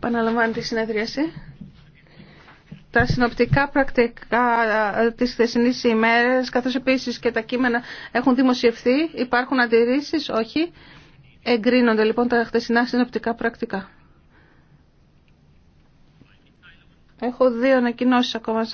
Παναλαμβάνει τη συνεδρίαση. Τα συνοπτικά πρακτικά ε, τη χθεσινή ημέρα. Καθώ επίση και τα κείμενα έχουν δημοσιευθεί, υπάρχουν αντιρρήσει όχι. Εγκρίνονται λοιπόν τα χθεσινά συνοπτικά πρακτικά. Έχω δύο ανακοινώσει ακόμα